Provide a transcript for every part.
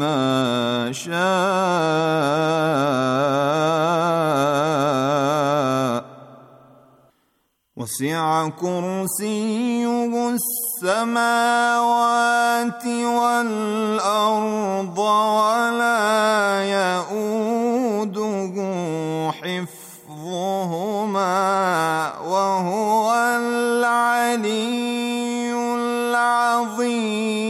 ما شاء وسع كرسيه السماوات والارض ولا يئوده حفظهما وهو العلي العظيم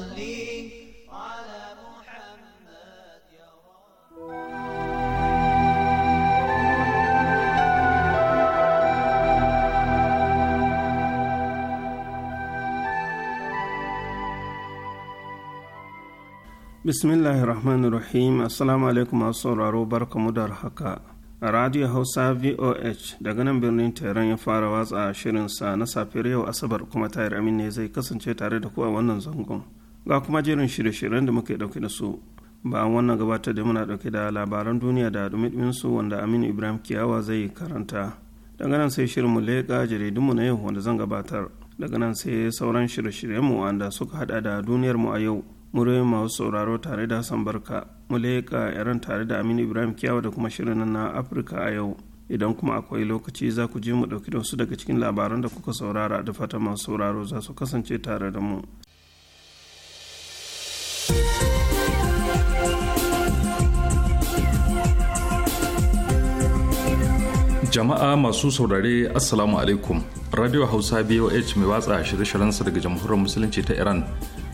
Bismillahi rahmanu rahim assalamu alaikum masu sauraro barkamu da haka A radio hausa voh daga nan birnin tehran ya fara watsa shirin sa na safiyar yau asabar kuma tayar amin ne zai kasance tare da ku a wannan zangon ga kuma jerin shirye-shiryen da muke dauke da su bayan wannan gabatar da muna dauke da labaran duniya da dumi su wanda aminu ibrahim kiyawa zai karanta daga nan sai shirin mu leƙa jaridunmu na yau wanda zan gabatar daga nan sai sauran shirye-shiryenmu wanda suka hada da duniyarmu a yau muryoyin masu sauraro tare da hassan barka muleka yaran tare da aminu ibrahim kiyawa da kuma shirin na afirka a yau idan kuma akwai lokaci za ku je mu ɗauki da wasu daga cikin labaran da kuka saurara da fata masu sauraro za su kasance tare da mu jama'a masu saurare assalamu alaikum radio hausa boh mai watsa shirye-shiryensa daga jamhuriyar musulunci ta iran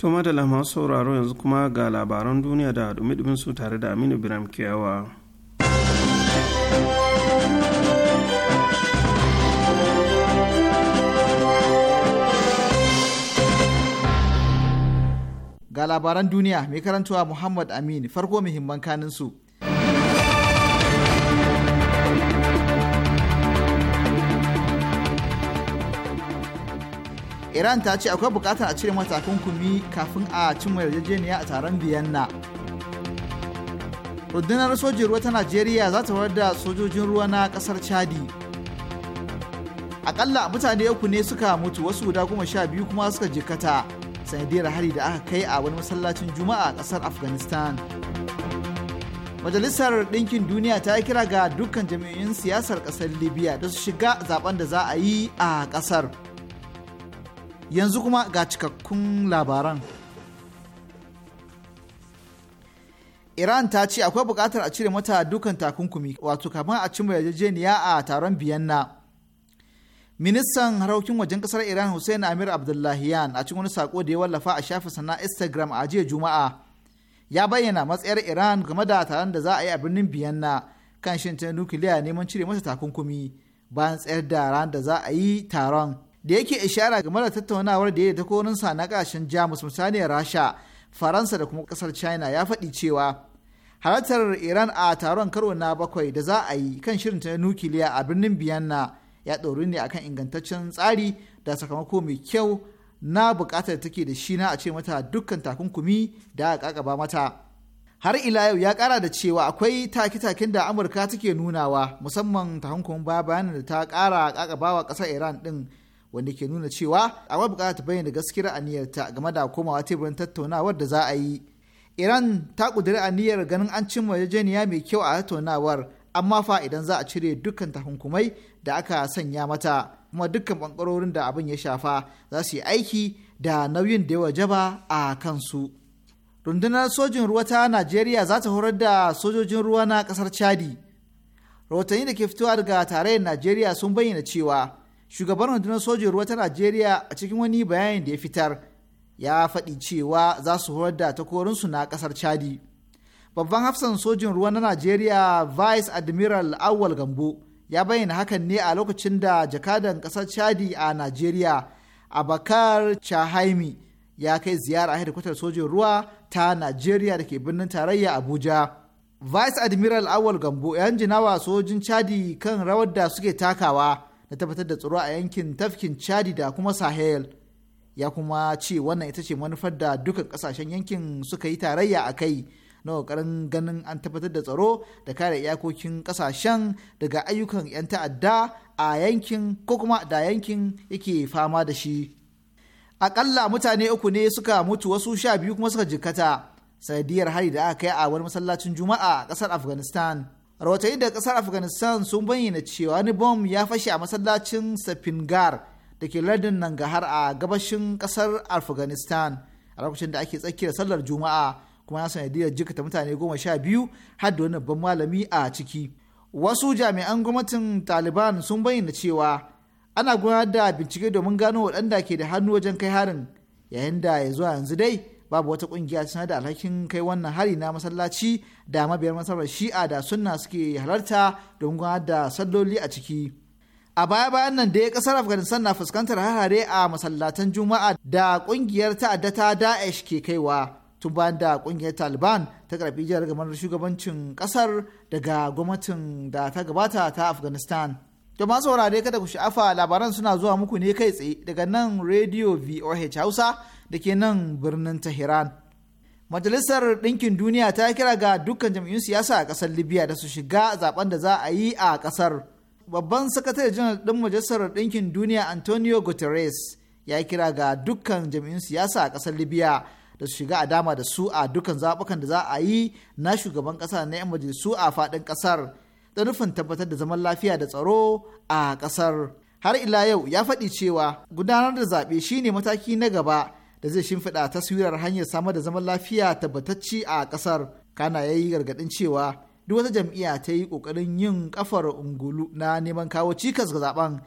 To madala masu sauraro yanzu kuma ga labaran duniya da dumi su tare da Aminu Biram Kiyawa. Ga labaran duniya mai karantawa Muhammad Amin farko muhimman su iran ta ce akwai bukatar a cire mata kumi kafin a cimma yarjejeniya a taron biyanna rundunar sojin ruwa ta najeriya za ta warar da sojojin ruwa na kasar chadi akalla mutane uku ne suka mutu wasu guda goma sha biyu kuma suka jikata sanadiyar hari da aka kai a wani masallacin juma'a a kasar afghanistan majalisar ɗinkin duniya ta yi kira ga dukkan jami'in siyasar ƙasar libya da su shiga zaben da za a yi a ƙasar. yanzu kuma ga cikakkun labaran iran ta ce akwai bukatar a cire mata dukan takunkumi wato kafin a cimma yarjejeniya a taron biyanna ministan harkokin wajen kasar iran hussein amir abdullahiyan a cikin wani sako da ya wallafa a shafin sana instagram a jiya juma'a ya bayyana matsayar iran game da taron da za a yi a birnin biyanna kan shin ta nukiliya neman cire mata takunkumi bayan tsayar da ran da za a yi taron da yake ishara game da tattaunawar da ya konin sa na kashin jamus misalin rasha faransa da kuma kasar china ya faɗi cewa halartar iran a taron karo na bakwai da za a yi kan shirin ta nukiliya a birnin biyanna ya ɗori ne akan ingantaccen tsari da sakamako mai kyau na buƙatar take da shi na a ce mata dukkan takunkumi da aka kakaba mata har ila yau ya kara da cewa akwai take-taken da amurka take nunawa musamman takunkumin baya bayanin da ta ƙara kakabawa ƙasar iran ɗin wanda ke nuna cewa akwai bukatar ta bayyana gaskiyar aniyarta game da komawa teburin tattaunawar da za a yi iran ta kudiri aniyar ganin an cimma yarjejeniya mai kyau a tattaunawar amma fa idan za a cire dukkan takunkumai da aka sanya mata kuma dukkan bangarorin da abin ya shafa za su yi aiki da nauyin da ya wajaba a kansu rundunar sojin ruwa ta najeriya za ta horar da sojojin ruwa na kasar chadi rahotanni da ke fitowa daga tarayyar najeriya sun bayyana cewa shugaban rundunar sojin ruwa ta najeriya a cikin wani bayanin da ya fitar ya faɗi cewa za su horar da takorinsu na ƙasar chadi babban hafsan sojin ruwa na najeriya vice admiral awal gambo ya bayyana hakan ne a lokacin da jakadan ƙasar chadi a najeriya abakar chahaimi ya kai ziyara hedikwatar sojin ruwa ta najeriya da ke birnin tarayya abuja vice admiral awal gambo ya jinawa sojin chadi kan rawar da suke takawa na tabbatar da tsaro a yankin tafkin chadi da kuma sahel ya kuma ce wannan ita ce manufar da dukkan kasashen yankin suka yi tarayya a kai na kokarin ganin an tabbatar da tsaro da kare iyakokin kasashen daga ayyukan 'yan ta'adda a yankin ko kuma da yankin yake fama da shi akalla mutane uku ne suka mutu wasu sha biyu kuma suka jikkata sanadiyar hari da aka kai a wani masallacin juma'a a ƙasar afghanistan rahotanni da kasar afghanistan sun bayyana cewa wani bom ya fashe a masallacin safingar da ke lardin nangahar a gabashin kasar afghanistan a lokacin da ake tsakiyar sallar juma'a kuma ya sanadiyar jikata mutane goma sha biyu har da wani babban malami a ciki wasu jami'an gwamnatin taliban sun bayyana cewa ana gudanar da bincike domin gano waɗanda ke da hannu wajen kai harin yayin da ya zuwa yanzu dai babu wata kungiya sanar da alhakin kai wannan hari na masallaci da mabiyar masarar shi'a da sunna suke halarta don gudanar da salloli a ciki a baya bayan nan dai kasar afghanistan na fuskantar harare a masallatan juma'a da kungiyar ta'adda ta daesh ke kaiwa tun bayan da kungiyar taliban ta karfi gamar shugabancin kasar daga gwamnatin da ta gabata ta afghanistan to masu saurare kada ku sha'afa labaran suna zuwa muku ne kai tsaye daga nan radio voh hausa da ke nan birnin Tehran. Majalisar Dinkin Duniya ta kira ga dukkan jam'iyyun siyasa a ƙasar Libya da su shiga zaben da za a yi a ƙasar. Babban sakatare janar ɗin Majalisar Ɗinkin Duniya Antonio Guterres ya kira ga dukkan jam'iyyun siyasa a ƙasar Libya da su shiga a dama da su a dukkan zaɓukan da za a yi na shugaban ƙasa na 'yan majalisu a faɗin ƙasar da nufin tabbatar da zaman lafiya da tsaro a ƙasar. Har ila yau ya faɗi cewa gudanar da zaɓe shine mataki na gaba da zai shimfiɗa taswirar hanyar samar da zaman lafiya tabbatacci a ƙasar kana ya yi gargaɗin cewa duk wata jam'iyya ta yi ƙoƙarin yin kafar ungulu na neman kawo cikas ga zaben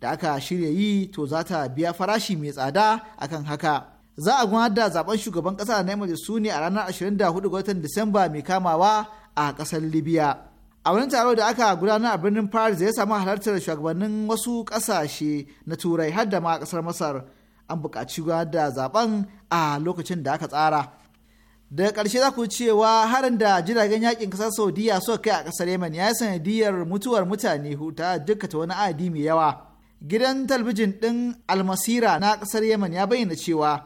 da aka shirya yi to za ta biya farashi mai tsada akan haka za a gudanar da zaben shugaban ƙasa na su ne a ranar 24 ga watan disamba mai kamawa a ƙasar libya a wani taro da aka gudanar a birnin paris ya samu halartar shugabannin wasu ƙasashe na turai har da ma ƙasar masar an buƙaci da zaben a lokacin da aka tsara daga ƙarshe za ku cewa harin da jiragen yakin ƙasar saudiya suka kai a ƙasar yemen ya yi sanadiyar mutuwar mutane huta duka ta wani adi mai yawa gidan talbijin ɗin almasira na ƙasar yemen ya bayyana cewa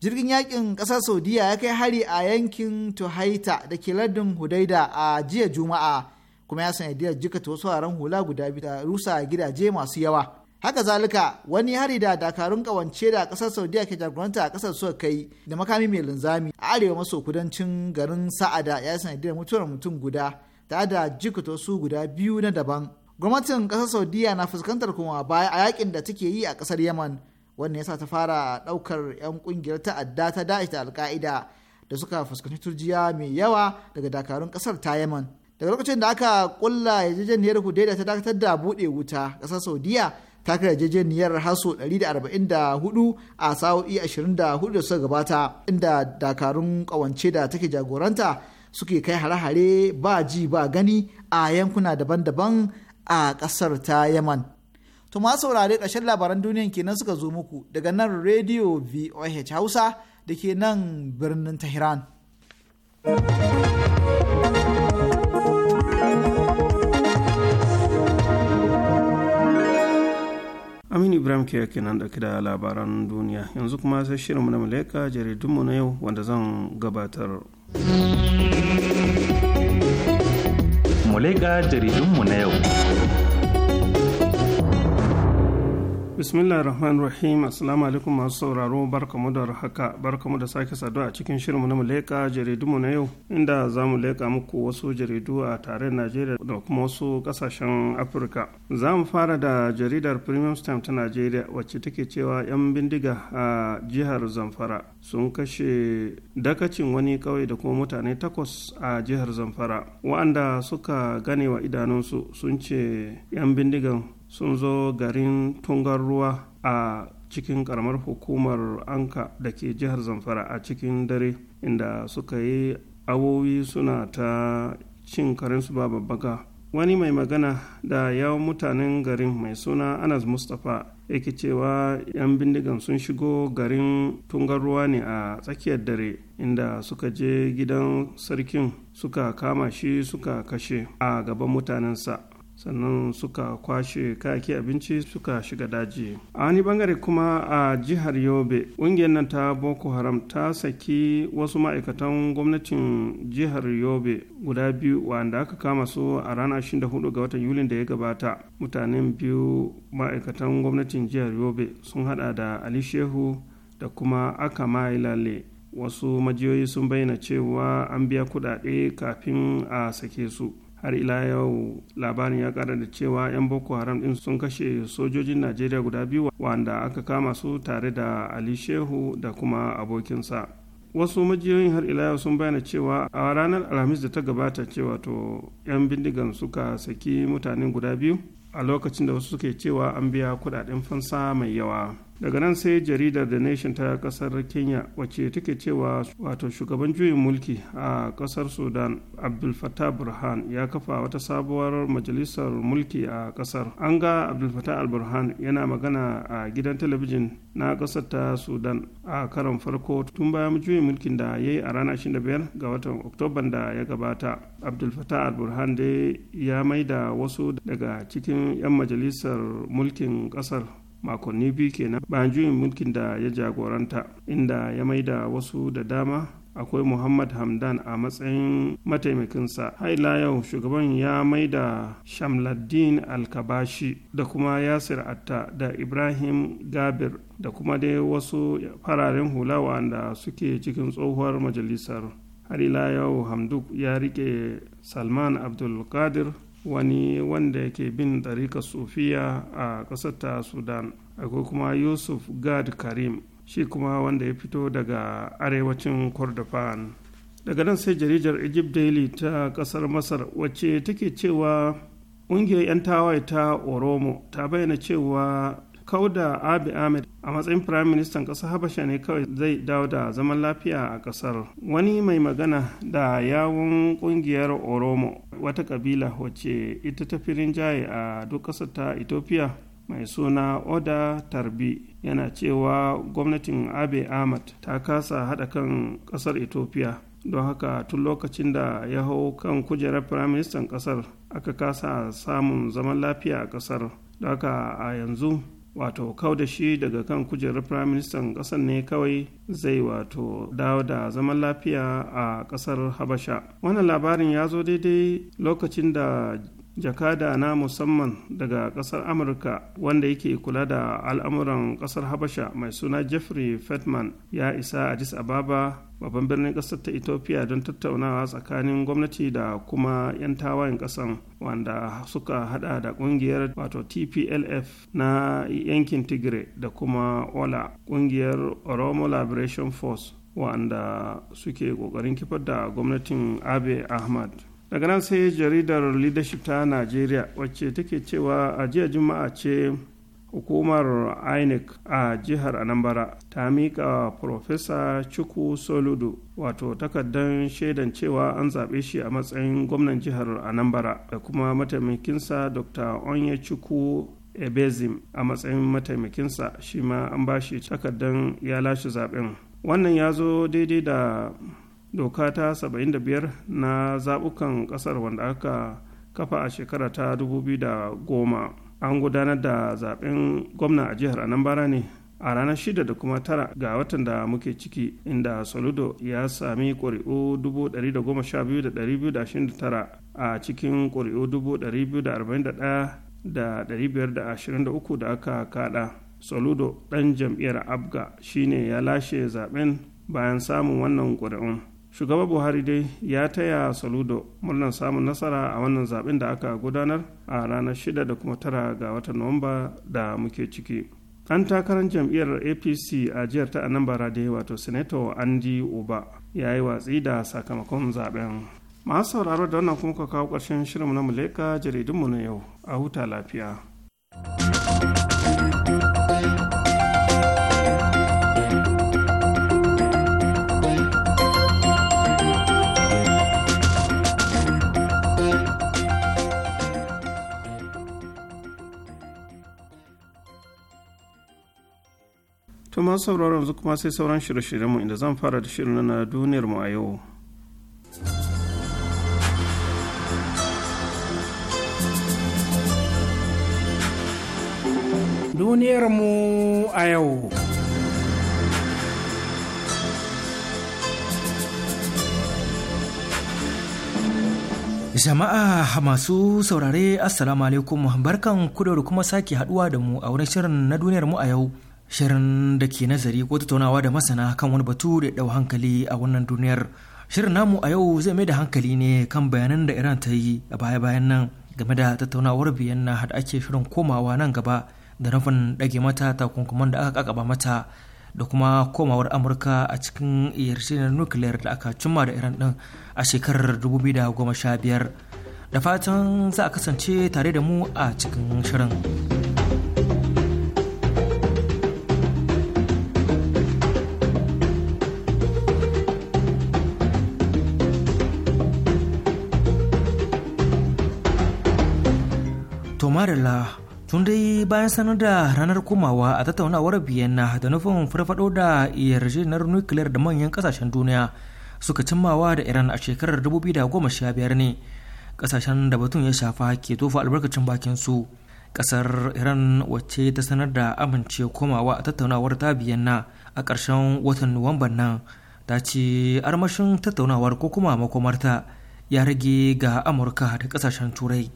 jirgin yakin ƙasar saudiya ya kai hari a yankin tuhaita da ke lardin hudaida a jiya juma'a kuma ya sanadiyar jikata wasu hula guda biyu rusa gidaje masu yawa haka zalika wani hari da dakarun kawance da kasar saudiya ke jagoranta a kasar suka kai da makami mai linzami a arewa maso kudancin garin sa'ada ya sanadiyar mutuwar mutum guda ta da jikuto su guda biyu na daban gwamnatin kasar saudiya na fuskantar kuma baya a yakin da take yi a kasar yaman wannan yasa ta fara daukar yan kungiyar ta'adda ta da'ish da alka'ida da suka fuskanci turjiya mai yawa daga dakarun kasar ta yaman daga lokacin da aka kulla yarjejeniyar hudaida ta dakatar da buɗe wuta kasar saudiya taka yarjejeniyar haso 144 a sa'o'i 24 da suka gabata inda dakarun kawance da take jagoranta suke kai hare-hare ba ji ba gani a yankuna daban-daban a ƙasar ta yaman to ma saurare ƙarshen labaran duniyan kenan suka zo muku daga nan rediyo voh hausa da ke nan birnin tehran thank you Aminu Ibrahim ke nan dauke da labaran duniya yanzu kuma sai shirinmu na Malaika jaridunmu na yau wanda zan gabatar. Malaika jaridunmu na yau. bismillah rahman rahim assalamu alaikum masu sauraro barkamu da haka barkamu da sake saduwa a cikin shirinmu na mu leƙa jaridunmu na yau inda za mu leƙa muku wasu jaridu a tare najeriya da kuma wasu kasashen afirka za mu fara da jaridar premium stamp ta najeriya wacce take cewa 'yan bindiga a jihar zamfara sun kashe dakacin wani kawai da kuma mutane takwas a jihar zamfara wa'anda suka gane wa idanunsu sun ce 'yan bindigan sun zo garin tungar ruwa a cikin karamar hukumar anka da ke jihar zamfara a cikin dare inda suka yi awowi suna ta cin karensu ba babbaka wani mai magana da yawon mutanen garin mai suna anas mustapha yake cewa 'yan bindigan sun shigo garin tungar ruwa ne a tsakiyar dare inda suka je gidan sarkin suka kama shi suka kashe a gaban mutanensa sannan suka kwashe kayaki abinci suka shiga daji a wani bangare kuma a jihar yobe ƙungiyar nan ta boko haram ta saki wasu ma'aikatan gwamnatin jihar yobe guda biyu wanda aka kama su a ranar 24 ga watan yulin da ya gabata mutanen biyu ma'aikatan gwamnatin jihar yobe sun hada da ali shehu da kuma aka ilale wasu majiyoyi sun bayyana cewa an biya kudade kafin a sake su har ila yau labarin ya kara da cewa 'yan boko haram din sun kashe sojojin najeriya guda biyu wanda aka kama su tare da ali shehu da kuma abokinsa wasu majiyoyin har ila yau sun bayyana cewa a ranar alhamis da ta gabata cewa to 'yan bindigan suka saki mutane guda biyu a lokacin da wasu suke cewa an biya kudaden fansa mai yawa daga nan sai jaridar the nation ta kasar kenya wacce take cewa wato shugaban juyin mulki a kasar sudan abdul fattah burhan ya kafa wata sabuwar majalisar mulki a kasar an ga abdul fattah al-burhan yana magana a gidan talabijin na kasar ta sudan a karon farko tun bayan juyin mulkin da ya yi a ranar 25 ga watan oktoban da ya gabata abdul fattah al-burhan dai ya maida wasu daga cikin 'yan majalisar mulkin kasar makonni biyu kenan bayan juyin mulkin da ya jagoranta inda ya maida wasu da dama akwai muhammad hamdan a matsayin mataimakinsa haila yau shugaban ya maida shamladdin alkabashi da kuma yasir atta da ibrahim gabir da kuma dai wasu fararen hula da suke cikin tsohuwar majalisar har ila yau hamduk ya rike salman abdulkadir wani wanda yake bin ɗarika sufiya a ƙasar ta sudan akwai kuma yusuf gad karim shi kuma wanda ya fito daga arewacin kordofan daga nan sai jaridar egypt daily ta ƙasar masar wacce take cewa ƙungiyar 'yan tawaye ta oromo ta bayyana cewa kauda abi ahmed a matsayin firayim ministan ƙasar habasha ne kawai zai dawo da zaman lafiya a ƙasar wani mai magana da yawon ƙungiyar oromo wata kabila wacce ita ta firin jaye a duk ƙasar ta ethiopia mai suna oda tarbi yana cewa gwamnatin abe ahmad ta kasa haɗa kan ƙasar ethiopia don haka tun lokacin da ya hau kan kujerar firaministan ƙasar aka kasa samun zaman lafiya a ƙasar don haka a yanzu wato kau da shi daga kan kujerar prime minister kasar ne kawai zai wato dawo da zaman lafiya a ƙasar habasha wannan labarin ya zo daidai lokacin da jakada na musamman daga kasar amurka wanda yake kula da al'amuran kasar habasha mai suna jeffrey fetman ya isa addis ababa babban birnin kasar ta ethiopia don tattaunawa tsakanin gwamnati da kuma 'yan tawayen kasan wanda suka hada da kungiyar wato tplf na yankin tigre da kuma ola kungiyar oromo liberation force wanda suke kokarin kifar da gwamnatin abe ahmad daga nan sai jaridar leadership ta najeriya wacce take cewa a jiya juma'a ce hukumar inec a jihar anambra ta miƙa profesa chuku soludo wato takardar shaidan cewa an zaɓe shi a matsayin gwamnan jihar anambra da kuma mataimakinsa dr onye chukwu ebezim a matsayin mataimakinsa shi ma an ba shi takardar ya lashe zaɓen wannan ya zo daidai da doka ta 75 na zaɓukan ƙasar wanda aka kafa a shekara ta 2010 an gudanar da zaɓen gwamna a jihar anambra ne a ranar shida da kuma tara ga watan da muke ciki inda soludo ya sami ƙuri'u 112,229 a cikin ƙuri'u 241,523 da aka kada soludo ɗan jam'iyyar abga shine ya lashe zaben bayan samun wannan ƙuri'un shugaba buhari dai ya taya saludo murnar samun nasara a wannan zaben da aka gudanar a ranar shida da kuma tara ga watan nuwamba da muke ciki an takarar jam'iyyar apc a jihar ta anambra da wato senator andy uba ya yi watsi da sakamakon zaben masu sauraro da wannan kuma kawo ƙarshen shirin na muleka jaridunmu na yau a huta lafiya. to sauraron yanzu kuma sai sauran shirye-shiryenmu inda zan fara da shirin na duniyar mu a yau duniyar a yau Jama'a masu saurare Assalamu alaikum barkan ku kuma sake haduwa da mu a wurin shirin na duniyarmu a yau. shirin da ke nazari ko tattaunawa da masana kan wani batu da ɗau hankali a wannan duniyar shirin namu a yau zai mai da hankali ne kan bayanan da iran ta yi a baya-bayan nan game da tattaunawar biyanna da ake shirin komawa nan gaba da nufin ɗage mata takunkuman da aka kakaba mata da kuma komawar amurka a cikin yarjejeniyar nukiliyar da aka cimma da iran din a shekarar 2015 da fatan za a kasance tare da mu a cikin shirin. tun dai bayan sanar da ranar komawa a tattaunawar biyanna da nufin farfado da yarjejeniyar nukiliyar da manyan kasashen duniya suka cimmawa da Iran a shekarar 2015 ne kasashen da batun ya shafa ke tofa albarkacin bakin su kasar Iran wacce ta sanar da amince komawa a tattaunawar ta biyanna a karshen watan Nuwamban nan ta ce armashin tattaunawar ko kuma makomarta ya rage ga Amurka da kasashen Turai.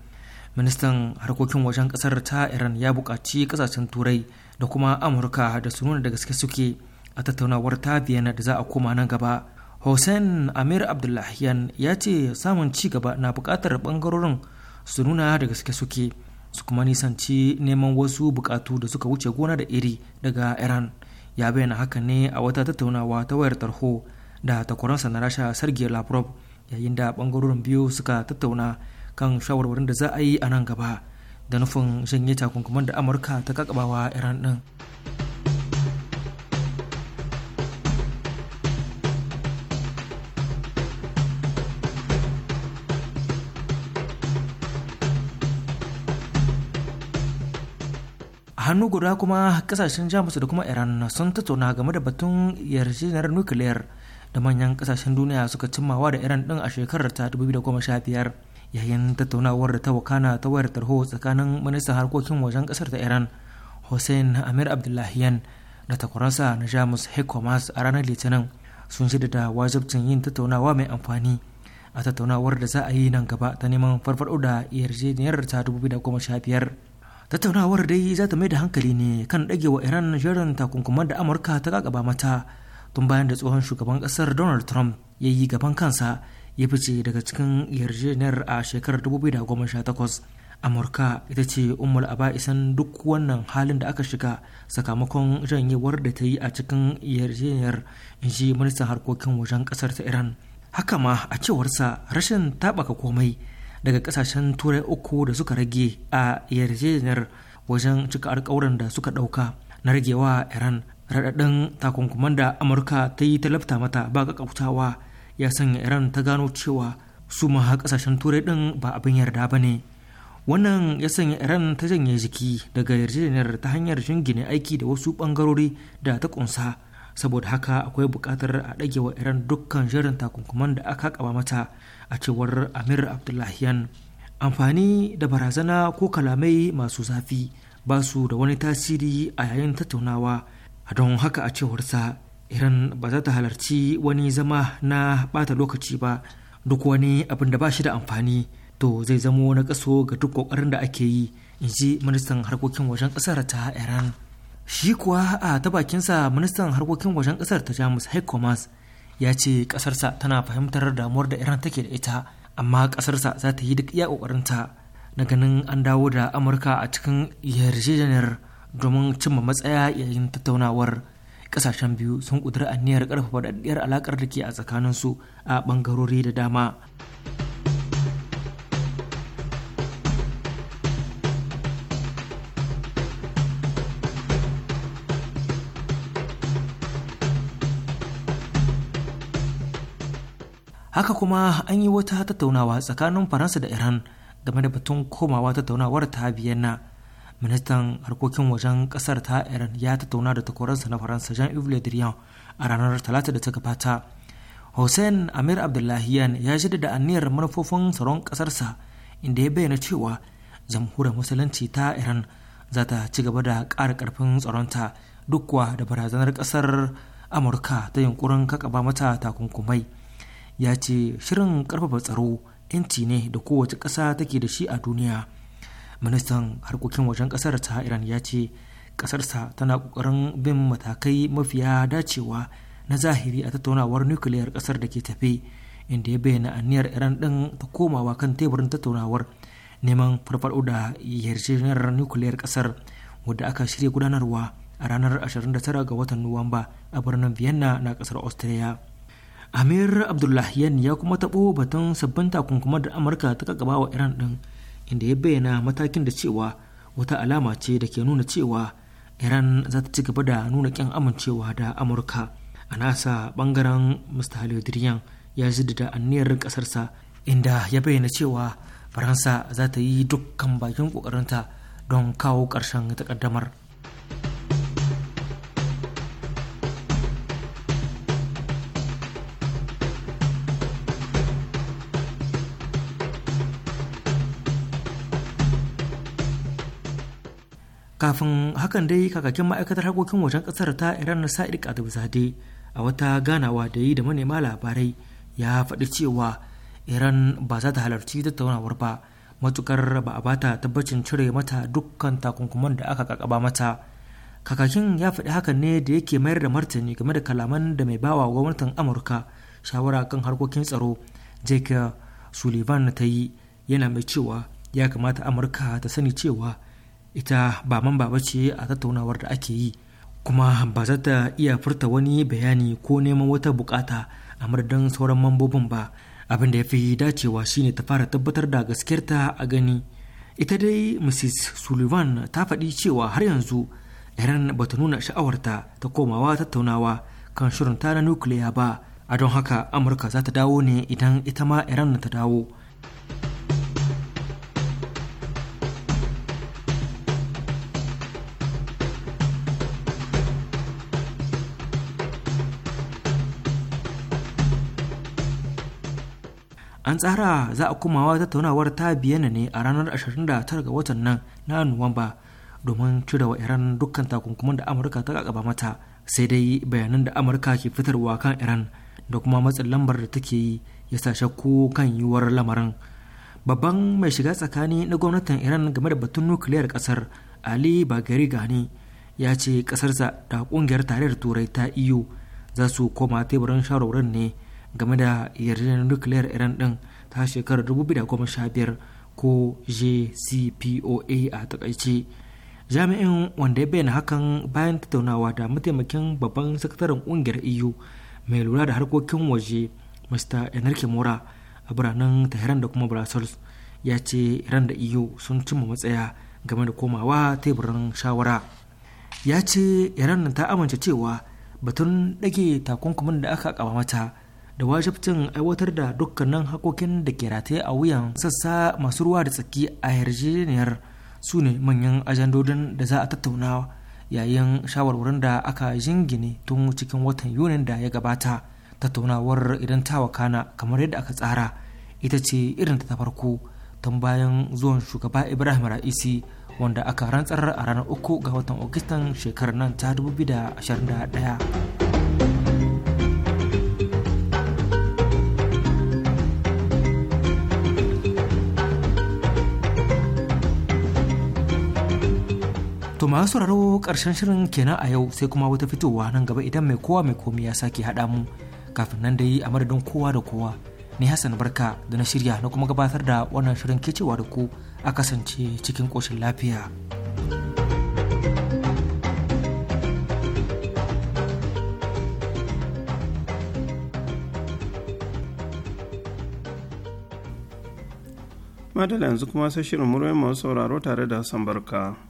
ministan harkokin wajen kasar ta iran ya bukaci kasashen turai da kuma amurka da su nuna da gaske suke a tattaunawar ta vienna da za a koma nan gaba hussein amir abdullahiyan ya ce samun ci gaba na bukatar ɓangarorin su nuna da gaske suke su kuma nisanci neman wasu bukatu da suka wuce gona da iri daga iran ya bayyana haka ne a wata tattaunawa ta wayar tarho da takwaransa na rasha sergei lavrov yayin da ɓangarorin biyu suka tattauna kan shawarwarin da za a yi a nan gaba da nufin shanye takunkuman da amurka ta kakabawa iran din hannu guda kuma kasashen jamus da kuma iran sun tattauna game da batun yarjejeniyar nukiliyar da manyan kasashen duniya suka cimmawa da iran din a shekarar ta 2015 yayin tattaunawar da ta wakana ta wayar tarho tsakanin ministan harkokin wajen kasar ta iran hussein amir abdullahiyan da takwaransa na jamus hekomas a ranar litinin sun shida da wajibcin yin tattaunawa mai amfani a tattaunawar da za a yi nan gaba ta neman farfaɗo da yarjejeniyar ta biyar. tattaunawar dai za ta mai da hankali ne kan wa iran jerin takunkuman da amurka ta gagaba mata tun bayan da tsohon shugaban ƙasar donald trump ya yi gaban kansa ya fice daga cikin yarjejeniyar a shekarar 2018 amurka ita ce umar isan duk wannan halin da aka shiga sakamakon janyewar da ta yi a cikin yarjejeniyar inji ministan harkokin wajen kasar ta iran haka ma a cewarsa rashin taɓaka komai daga kasashen turai uku da suka rage a yarjejeniyar wajen cika alkawuran da suka ɗauka na ragewa iran raɗaɗin takunkuman da amurka ta yi talabta mata ba kautawa. ya sanya iran ta gano cewa su maha kasashen turai din ba abin yarda ba ne wannan ya sanya iran ta janye jiki daga yarjejeniyar ta hanyar jingine aiki da wasu bangarori da ta kunsa saboda haka akwai bukatar a ɗage wa iran dukkan jerin takunkuman da aka kaba mata a cewar amir abdullahiyan amfani da barazana ko kalamai masu zafi ba su da wani tasiri a yayin tattaunawa don haka a cewarsa iran ba za ta halarci wani zama na bata lokaci ba duk wani abin da ba shi da amfani to zai zamo na kaso ga duk ƙoƙarin da ake yi in ji ministan harkokin wajen ƙasar ta iran shi kuwa a ta bakinsa ministan harkokin wajen ƙasar ta jamus heiko ya ce kasarsa tana fahimtar damuwar da iran take da ita amma kasarsa za ta yi duk iya ƙoƙarinta. na ganin an dawo da amurka a cikin yarjejeniyar domin cimma matsaya yayin tattaunawar kasashen biyu sun ƙudiri aniyar karfafa daɗaɗɗiyar alaƙar da ke a tsakaninsu a bangarori da dama haka kuma an yi wata tattaunawa tsakanin faransa da iran game da batun komawa tattaunawar ta biyanna ministan harkokin wajen kasar ta iran ya tattauna da takwaransa na faransa jean-yves le drian a ranar talata da ta gabata hussein amir abdullahiyan ya shida da aniyar manufofin tsaron kasarsa inda ya bayyana cewa jamhuriyar musulunci ta iran za ta ci gaba da ƙara ƙarfin tsaronta duk kuwa da barazanar kasar amurka ta yunkurin kakaba mata takunkumai ya ce shirin karfafa tsaro 'yanci ne da kowace ƙasa take da shi a duniya ministan harkokin wajen kasar ta iran ya ce kasarsa tana kokarin bin matakai mafiya dacewa na zahiri a tattaunawar nukiliyar kasar da ke tafe inda ya bayyana aniyar iran din ta komawa kan teburin tattaunawar neman farfaɗo da yarjejeniyar nukiliyar kasar wadda aka shirya gudanarwa a ranar 29 ga watan nuwamba a birnin vienna na kasar austria amir abdullahian ya kuma taɓo batun sabbin takunkumar da amurka ta kakaba wa iran din inda ya bayyana matakin da cewa wata alama ce da ke nuna cewa iran za ta ci gaba da nuna kyan amincewa da amurka a nasa bangaren mr halidiriyan ya da anniyar kasarsa inda ya bayyana cewa faransa za ta yi dukkan bakin kokarinta don kawo ƙarshen takaddamar kafin hakan dai kakakin ma'aikatar harkokin wajen kasar ta iran sa'id kadabzade a wata ganawa da yi da manema labarai ya faɗi cewa iran ba za ta halarci tattaunawar ba matukar ba a bata tabbacin cire mata dukkan takunkuman da aka kakaba mata kakakin ya faɗi hakan ne da yake mayar da martani game da kalaman da mai bawa gwamnatin amurka shawara kan harkokin tsaro jake sullivan ta yi yana mai cewa ya kamata amurka ta sani cewa ita ba mamba ba ce a tattaunawar da ake yi kuma ba za ta iya furta wani bayani ko neman wata bukata a madadin sauran mambobin ba abin da ya fi dacewa shine ta fara tabbatar da gaskiyarta a gani ita dai mrs sullivan ta faɗi cewa har yanzu iran ba ta nuna sha'awarta ta komawa tattaunawa kan shirin ta na nukiliya ba a don haka amurka za ta dawo ne idan ita ma iran ta dawo an tsara za a kumawa tattaunawar ta biyana ne a ranar 29 ga watan nan na nuwamba domin cire wa iran dukkan takunkuman da amurka ta gaba mata sai dai bayanan da amurka ke fitarwa kan iran da kuma matsin lambar da take yi ya sa shakku kan yiwuwar lamarin babban mai shiga tsakani na gwamnatin iran game da batun nukiliyar kasar ali bagari gani ya ce kasarsa da kungiyar tarayyar turai ta iyo e za su koma teburin shawarwarin ne game da yarjejeniyar nukiliyar iran din ta shekarar 2015 ko jcpoa a takaice jami'in wanda ya bayyana hakan bayan tattaunawa da mataimakin babban sakataren kungiyar eu mai lura da harkokin waje mr enrique mora a biranen tehran da kuma brussels ya ce iran da eu sun cimma matsaya game da komawa teburin shawara ya ce iran ta amince cewa batun dage takunkumin da aka kama mata da wajibcin aiwatar da dukkanin hakokin da ke rataye a wuyan sassa masu ruwa da tsaki a yarjejeniyar su ne manyan ajandodin da za a tattauna yayin shawarwarin da aka jingine tun cikin watan yunin da ya gabata tattaunawar idan ta wakana kamar yadda aka tsara ita ce irin ta farko tun bayan zuwan shugaba ibrahim ra'isi wanda aka rantsar a ranar uku ga watan Agustan shekarar nan ta 2021 To masu sauraro karshen shirin kenan a yau sai kuma wata fitowa nan gaba idan mai kowa mai komi ya sake haɗa mu kafin nan dai a madadin kowa da kowa. Ni Hassan Barka da na shirya na kuma gabatar da wannan shirin ke cewa da ku a kasance cikin koshin lafiya. Madala yanzu kuma sai shirin murmurin masu sauraro tare da Hassan Barka.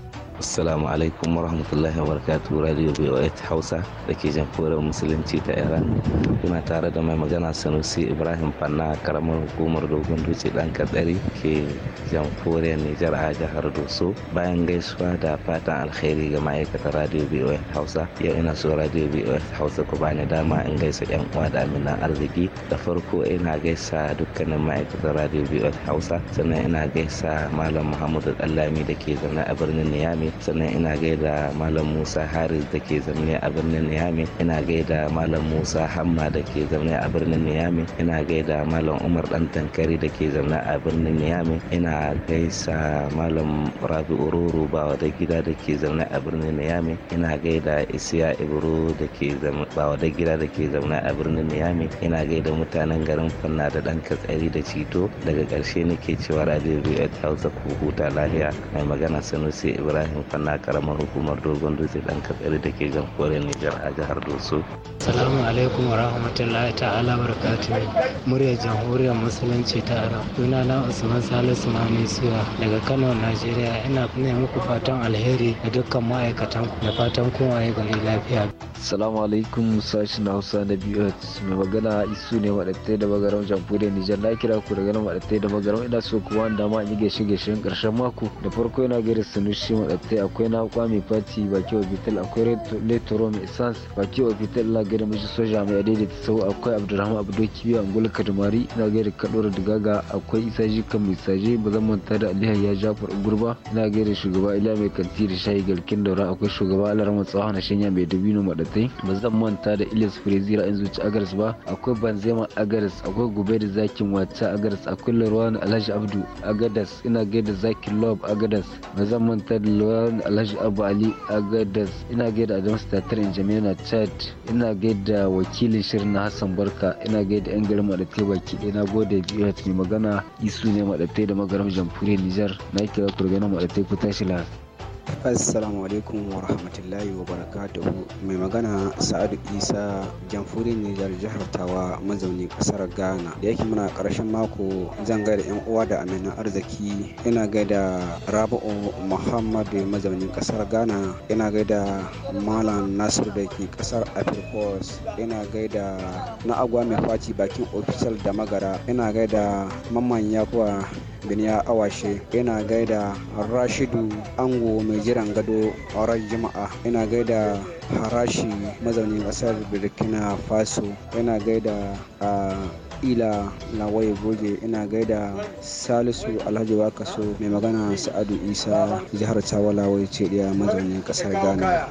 assalamu alaikum warahmatullahi wabarakatuh radio voa hausa da ke jamhuriyar musulunci ta iran kuna tare da mai magana sanusi ibrahim fanna karamar hukumar dogon dutse dan katsari ke jamhuriyar nijar a jihar doso bayan gaisuwa da fatan alkhairi ga ma'aikatar radio voa hausa yau ina so radio voa hausa ku bani dama in gaisa yan uwa da aminan arziki da farko ina gaisa dukkanin ma'aikatar radio voa hausa sannan ina gaisa malam muhammadu dallami da ke zaune a birnin niyami sannan ina gaida Malam Musa Haris da ke zaune a birnin Niyami ina gaida Malam Musa Hamma da ke zaune a birnin Niyami ina gaida Malam Umar Dan Tankari da ke zaune a birnin Niyami ina gaisa Malam Rabi Ururu bawa da gida da ke zaune a birnin Niyami ina gaida Isiya Ibro da ke bawa da gida da ke zaune a birnin Niyami ina gaida mutanen garin Fanna da Dan Katsari da Cito daga ƙarshe nake cewa Radio Hausa ku huta lahiya mai magana Sanusi Ibrahim hoton na karamar hukumar dogon dutse dan katsari da ke jamhuriyar nijar a jihar doso salamu alaikum wa rahmatullahi ta'ala barakatuhu muryar jamhuriyar musulunci ta arab suna na usman salisu mani suwa daga kano najeriya ina ne muku fatan alheri da dukkan ma'aikatan ku da fatan kowaye gari lafiya salamu alaikum na hausa na biyu mai magana isu ne maɗaɗai da bagaran jamhuriyar nijar na kira ku daga nan maɗaɗai da bagaran ina so kuma dama in yi gaishe-gaishen karshen mako da farko yana gaira sanushi maɗaɗai sai akwai na kwami fati baki ofital akwai letoro mai sans baki ofital ina gari mashi soja mai adai da sau akwai abdurrahman abdul kibiya angola kadumari ina gari kadora gaga akwai isa jika mai saje ba zan manta da aliyu ya jafar gurba ina gari shugaba ila mai kanti da shayi garkin daura akwai shugaba alarma tsawa na shanya mai dabino madatai ba zan manta da ilis frezi ra'ayin zuci agaris ba akwai banzema agaris akwai gobe da zakin wata agaris akwai larwani alhaji abdu agadas ina gaida zakin lob agadas ba zan manta da shugaba alhaji abu ali agadas ina gaida adamu statar na chad ina gaida wakilin shirin hassan barka ina gaida yan garin maɗatai baki ɗaya na gode biyar mai magana isu ne maɗatai da magaram jamhuriyar nijar na kira kurganin maɗatai ku tashi lafiya. assalamu alaikum wa rahmatullahi wa barakatuhu mai magana sa'adu isa jamfuri nijar jihar tawa mazauni kasar ghana da yake muna karshen mako zan gaida yan uwa da aminan arziki ina gaida rabu'u muhammadu mazaunin kasar ghana ina gaida malam nasir da ke kasar afirkos ina gaida na agwa mai faci bakin ofisal da magara ina gaida mamman yakuwa biniya awashe ina gaida rashidu ango mai jiran gado a juma'a yana gaida harashi mazaunin ƙasar burkina faso yana gaida a ila lawaye goge ina gaida salisu alhaji wakaso mai magana sa'adu isa jihar tawa lawaye ce mazaunin ƙasar ghana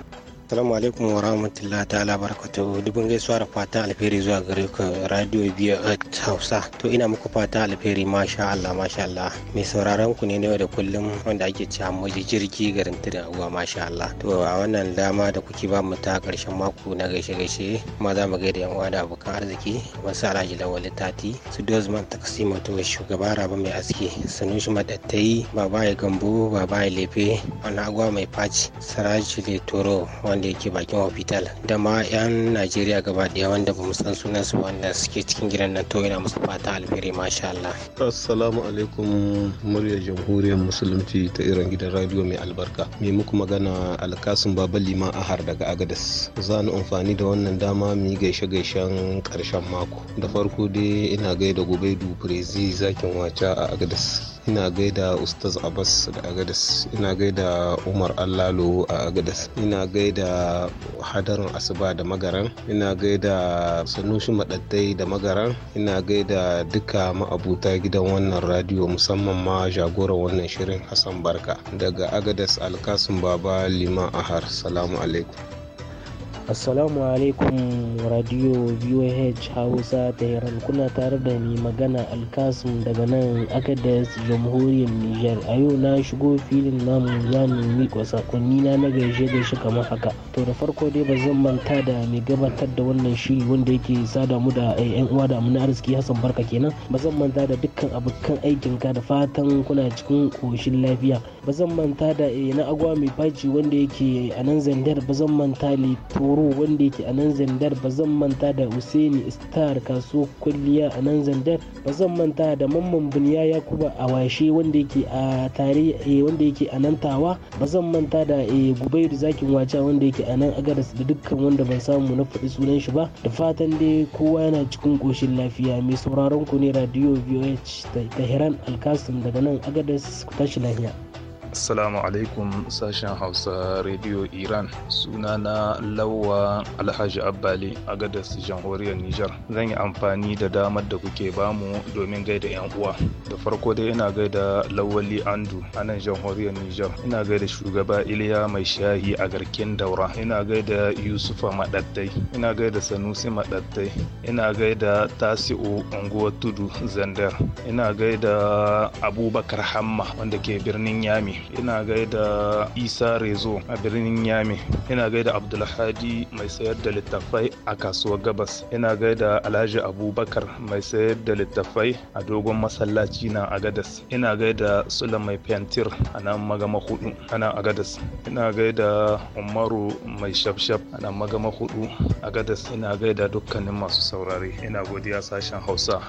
assalamu alaikum wa rahmatullahi ta'ala barakatu dubin gaisuwa da fata alheri zuwa gare ku radio biyu hausa to ina muku fata alheri masha Allah masha Allah mai sauraron ku ne na da kullum wanda ake ci muji jirgi garin tudun abuwa masha Allah to a wannan dama da kuke ba mu ta karshen mako na gaishe gaishe kuma za mu gaida yan uwa da abokan arziki wasu alhaji lawali tati su dozman taksima to shugaba raba mai aski sanushi madattai babaye gambo babaye lefe wani agwa mai faci saraji le toro wanda yake bakin ofital da ma 'yan najeriya gaba daya wanda ba mu san sunan su wanda suke cikin gidan nan to yana musu fata alheri masha Allah assalamu alaikum murya jamhuriyar musulunci ta irin gidan radio mai albarka me muku magana alkasun baba liman ahar daga agadas za ni amfani da wannan dama mu gaishe gaishen karshen mako da farko dai ina gaida gobe du prezi zakin wacha a agadas ina gaida ustaz abbas da agadas ina gaida umar allalo a agadas ina gaida hadarin asuba da magaran ina gaida sanushi Madadai da magaran ina gaida duka ma'abuta gidan wannan radiyo musamman ma jagoran wannan shirin hassan barka daga agadas alkasun baba liman ahar salamu alaikum Assalamu alaikum radio VOH Hausa Tehran kuna tare da mai magana Alkasim daga nan Agadez Jamhuriyar Nijar. A yau na shigo filin namu za mu miƙa sakonni na na gaishe shi kamar haka. To da farko dai ba zan manta da mai gabatar da wannan shiri wanda yake sada mu da yan eh, uwa da na arziki Hassan Barka kenan. Ba zan manta da dukkan abokan aikinka da fatan kuna cikin koshin lafiya. Ba zan manta da eh, na agwa mai faci wanda yake a nan zandar ba zan manta litoro Toro wanda yake a nan Zandar ba zan manta da Hussaini Star kasuwar kwalliya a nan Zandar ba zan manta da Mamman Buniya Yakuba a washe wanda yake a tare eh, wanda yake a nan Tawa ba zan manta da eh, Gubairu Zakin Wacha wanda yake a nan Agadas da dukkan wanda ban samu na faɗi sunan shi ba da fatan dai kowa yana cikin koshin lafiya mai sauraron ku ne radio VOH Tehran Alkasim daga nan Agadas ku tashi lafiya. Assalamu alaikum sashen Hausa Radio Iran. Suna na Lawa Alhaji Abbali a gadas jamhuriyar Nijar. Zan yi amfani da damar da kuke bamu domin gaida 'yan uwa. Da farko dai ina gaida Lawali Andu a nan jamhuriyar Nijar. Ina gaida shugaba Iliya Mai Shahi a garkin Daura. Ina gaida Yusufa Maɗattai. Ina gaida Sanusi Madattai. Ina gaida Tasi'u Unguwar Tudu Zandar. Ina gaida Abubakar Hamma wanda ke birnin Yami. ina gaida isa rezo a birnin yami. ina gaida abdulhadi mai sayar da littafai a kasuwar gabas ina gaida alhaji abubakar mai sayar da littafai a dogon masallaci na agadas ina gaida sula mai fentir a nan magama hudu a nan agadas ina gaida umaru mai shafshaf a nan magama hudu agadas ina gaida dukkanin masu saurare ina godiya sashen hausa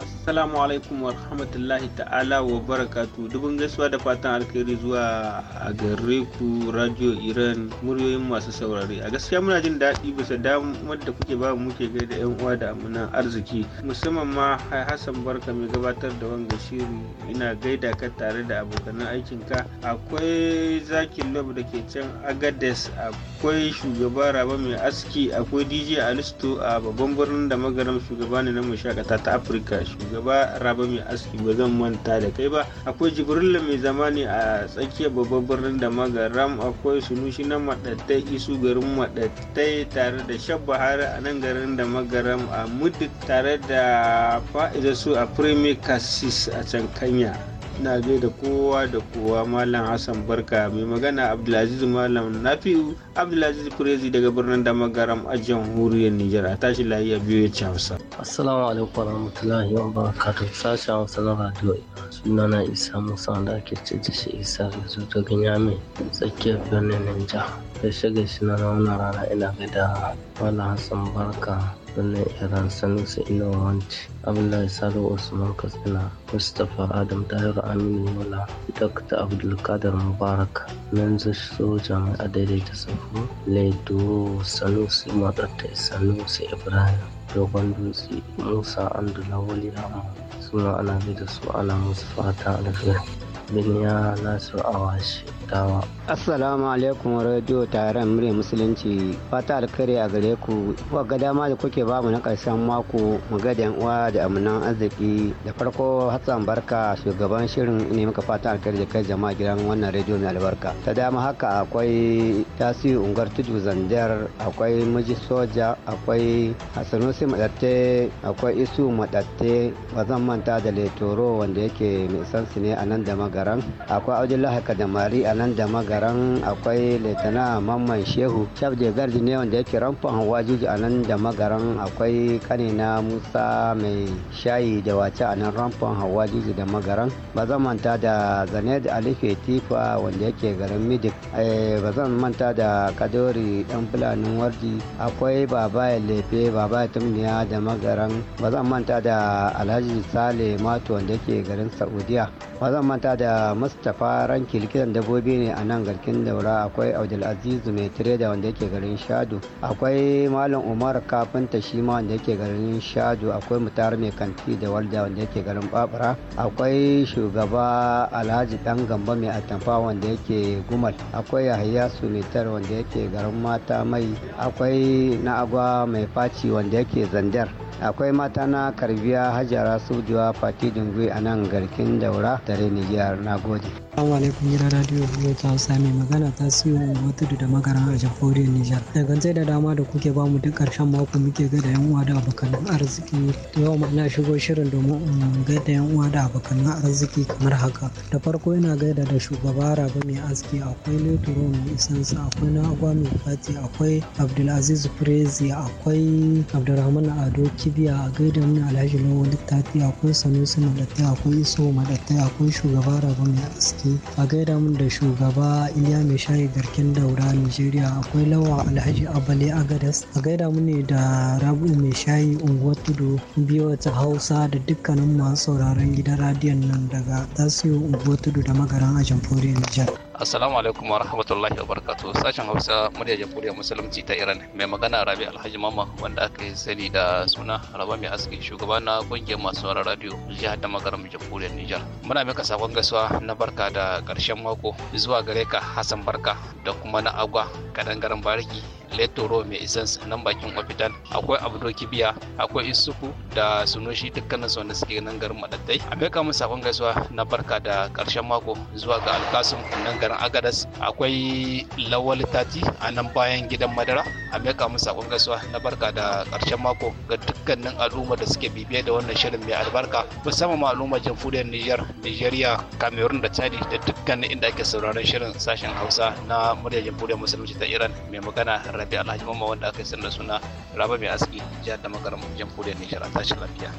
Assalamu alaikum wa rahmatullahi ta'ala wa barakatu dubin gaisuwa da fatan alkhairi zuwa a gare ku radio Iran muryoyin masu saurari A gaskiya muna jin daɗi bisa damar da kuke ba mu muke da yan uwa da amina arziki musamman ma Hassan Barka mai gabatar da wanga shiri ina gaida ka tare da abokanan aikinka akwai zakin lab da ke can Agades akwai shugaba Raba mai aski akwai DJ Alisto a babban birnin da magaram shugaba ne na mushakata ta Afirka shugaba raba mai aski ba zan manta da kai ba akwai jibrilu mai zamani a tsakiyar babban birnin da magaram akwai sunushi na maɗattai isu garin maɗattai tare da har a nan garin da magaram a muddin tare da fa'iza a premier cassis a can kanya ina da kowa da kowa malam hassan barka mai magana abdulaziz malam nafi'u abdulaziz kurezi daga birnin damagaram a jamhuriyar nijar a tashi lahiya biyu ya ci hausa assalamu alaikum warahmatullahi barakatu sashen hausa na radio suna na isa musa da ake ce da shi isa da su ta ganya mai tsakiyar birnin Nijar." da gaishe shi na rana ina gada malam hassan barka birnin iran sanusi inawanci abdullahi salo usman katsina mustapha adam tahir aminu yola dr abdulkadir mubarak nanzu soja mai adaidaita safu laido sanusi matsatta sanusi ibrahim dogon dutse musa andula wali amma suna ana da su ana musu fata alfiyar Tawa. Assalamu alaikum radio taron murya musulunci fata alkhairi a gare ku wa ga dama da kuke bamu na karshen mako mu ga da uwa da amunan arziki da farko Hassan Barka shugaban shirin ne muka fata alkhairi da kai jama'a gidan wannan radio mai albarka ta dama haka akwai tasiri ungar tudu zandar akwai miji soja akwai hasanusi madatte akwai Isu madatte ba zan manta da Letoro wanda yake mai su ne a nan da magaran akwai Abdullahi Kadamari a nan da magaran akwai letana mamman shehu shaf de gardi ne wanda yake ramfan hawa wajiji a nan da magaran akwai kanina musa mai shayi da wace a nan ran hawa juji da magaran ba zan manta da zane da alife tifa wanda yake garin midik eh, ba zan manta da kadori dan fulanin wardi akwai babaya lefe babaya tumniya da magaran ba zan manta da alhaji sale mato wanda yake garin saudiya ba zan manta da mustapha ranki likitan dabbobi. biyu ne a nan garkin daura akwai abdulaziz mai tireda wanda yake garin shadu akwai malam umar kafinta shi ma wanda yake garin shadu akwai mutar mai kanti da walda wanda yake garin babura akwai shugaba alhaji dan gamba mai atamfa wanda yake gumal akwai yahaya sumitar wanda yake garin mata mai akwai na mai faci wanda yake zandar akwai mata na karbiya hajara sujuwa fati dungwe a nan garkin daura tare nijar na gode Assalamu alaikum gidan radio biyu ta Hausa mai magana ta siyo Muhammadu da magaran a jamhuriyar Nijar. dangantai da dama da kuke bamu duk karshen mako muke ga yan uwa da abokan arziki. Yau ma ina shigo shirin domin in gaida yan uwa da abokan arziki kamar haka. Da farko ina gaida da shugaba Rabe mai aski akwai Leturo mai isansa akwai na agwa mai fati akwai Abdulaziz Firezi akwai Abdulrahman Ado Kibiya a gaida mini Alhaji Lawal Littafi akwai Sanusi Madatta akwai Iso Madatta akwai shugaba Rabe mai aski. sarki a gaida mun da shugaba iliya mai shayi garkin daura nigeria akwai lawa alhaji abale agadas a gaida mu ne da rabu mai shayi unguwar tudu biyo ta hausa da dukkanin masu sauraron gidan radiyon nan daga tasi'o unguwar tudu da magaran a jamhuriyar nijar Assalamu alaikum wa rahmatullahi wa barakatu. Sashen Hausa murya jamhuriyar musulunci ta Iran mai magana Rabi Alhaji Mama wanda aka yi sani da suna Raba mai aski shugaba na kungiyar masu sauran radio jihar da magaram jamhuriyar Nijar. Muna maka sakon gaisuwa na barka da karshen mako zuwa gare ka Hassan Barka da kuma na Agwa kadan garin Bariki letoro mai isans nan bakin ofital akwai abdo kibiya akwai isuku da sunushi dukkanin su wanda suke nan garin madattai a mai mu sakon gaisuwa na barka da karshen mako zuwa ga alkasum nan garin agadas akwai lawal tati a nan bayan gidan madara a mai mu sakon gaisuwa na barka da karshen mako ga dukkanin al'umma da suke bibiye da wannan shirin mai albarka musamman ma al'ummar jamhuriyar niger nigeria cameroon da chadi da dukkanin inda ake sauraron shirin sashen hausa na muryar jamhuriyar musulunci ta iran mai magana rabi alhaji mamman wanda aka yi suna raba mai aski jihar da makarar jamhuriyar nijar a tashin lafiya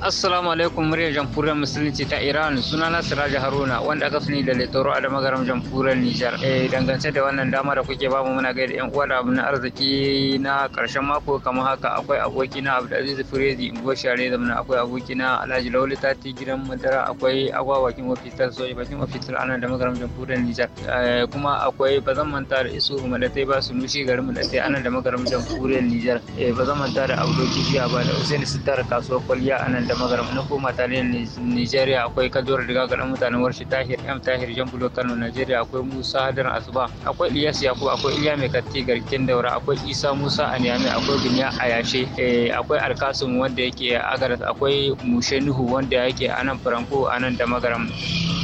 Assalamu alaikum muryar jamhuriyar musulunci ta Iran suna na Haruna wanda aka sani da Letoro a magaram jamhuriyar Nijar. Eh dangance da wannan dama da kuke bamu muna gaida yan uwa da abin arziki na karshen mako kamar haka akwai aboki na Abdulaziz Furezi Ingo Share da muna akwai aboki na Alhaji ta Tati gidan madara akwai agwa bakin ofisar soji bakin ofisar ana da magaram jamhuriyar Nijar. Eh, kuma akwai bazan manta da isu malatai ba su nushi garin malatai ana da magaram jamhuriyar Nijar. Eh bazan manta da Abdul jiya ba da Hussein Sittar kasuwar kwaliya anan da magaram na koma tare Nigeria akwai kaduwar Diga ga mutanen warshi Tahir M Tahir Jambulo Kano Nigeria akwai Musa Hadar Asuba akwai Ilyas yakub akwai Ilya Mai Katti Garkin Daura akwai Isa Musa Aniyami akwai Binya Ayashe eh, akwai Alkasum wanda yake Agaras akwai Mushe Nuhu wanda yake anan Franco anan da magaram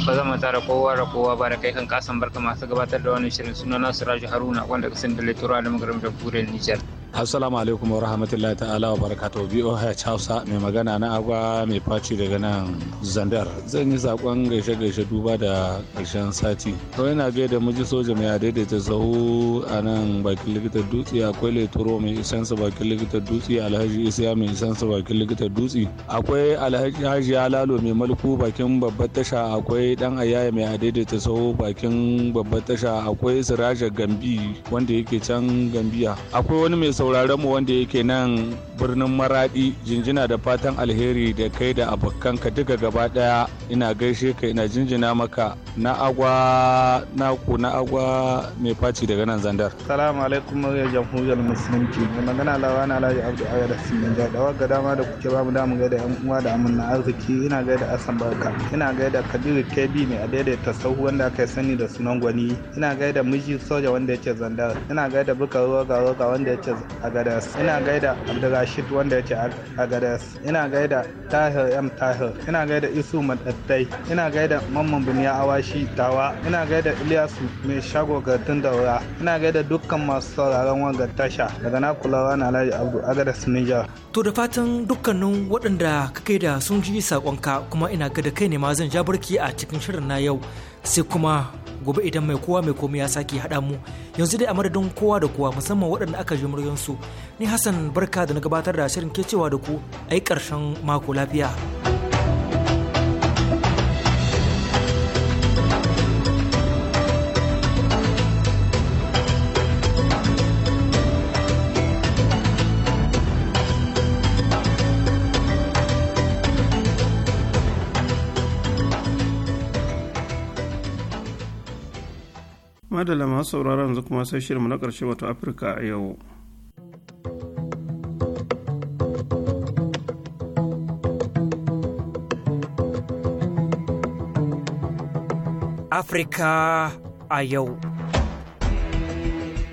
ba zama tara kowa da kowa ba da kai kan kasan barka masu gabatar da wannan shirin suna Nasu Raju Haruna wanda kasan da Littura da magaram da Nijar. assalamu alaikum wa rahmatullahi ta'ala wa barakatuhu BOH Hausa mai magana na agwa mai faci daga nan Zandar zan yi sakon gaishe gaishe duba da karshen sati to yana da muji soja mai daidaita zahu a nan bakin likitar dutse akwai leturo mai isan sa bakin likitar dutse alhaji isiya mai isan sa bakin likitar dutse akwai alhaji alalo mai malku bakin babbar tasha akwai dan ayaya mai daidaita zahu bakin babbar tasha akwai siraja gambi wanda yake can gambiya akwai wani mai sauraron mu wanda yake nan birnin maradi jinjina da fatan alheri da kai da abokanka duka gaba daya ina gaishe ka ina jinjina maka na agwa na ku na agwa mai faci daga nan zandar salamu alaikum ya jamhuriyar musulunci mai magana lawa na alhaji abdu aya da sinan dawa ga dama da kuke ba mu da ga da yan uwa da amanna arziki ina gaida asan barka ina gaida kabiru kb mai a daidaita sahu wanda aka sani da sunan gwani ina gaida miji soja wanda yake zandar ina gaida buka roga roga wanda yake agadas ina gaida abdulrashid wanda ya yake agadas ina gaida tahir m tahir ina gaida isu madaddai ina gaida mamman biniya awashi tawa ina gaida iliyasu mai shago gatun daura ina gaida dukkan masu sauraron wanga tasha daga na kulawa na alhaji abdu agadas niger to da fatan dukkanin waɗanda ka kai da sun ji saƙonka kuma ina gada kai ne ma zan ja barki a cikin shirin na yau sai kuma gobe idan mai kowa mai komai ya sake haɗa mu yanzu dai a madadin kowa da kowa musamman waɗanda aka ji muryansu ni hassan barka da na gabatar da shirin ke cewa da ku a yi ƙarshen mako lafiya. madalla masu sauraro yanzu kuma sai shirinmu na ƙarshe wato afirka a yau afirka a yau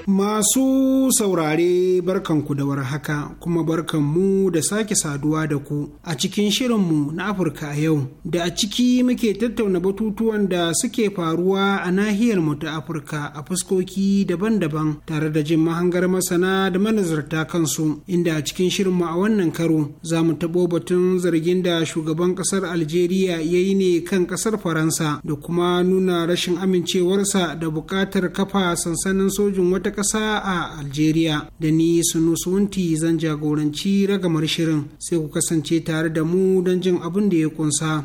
Masu saurare barkanku da haka kuma barkanmu da sake saduwa da ku a cikin shirinmu na Afirka a yau da a ciki muke tattauna batutuwan da suke faruwa a nahiyar mu ta Afirka a fuskoki daban-daban tare da jin mahangar masana da manazarta kansu inda a cikin shirinmu a wannan karo za mu taɓo batun zargin da shugaban ƙasar Algeria ya yi ne kan ƙasar Faransa da kuma nuna rashin amincewarsa da buƙatar kafa sansanin sojin wata ƙasa a Algeria da ni Sunusunti zan jagoranci ragamar shirin sai ku kasance tare da mu don jin abin da ya kunsa.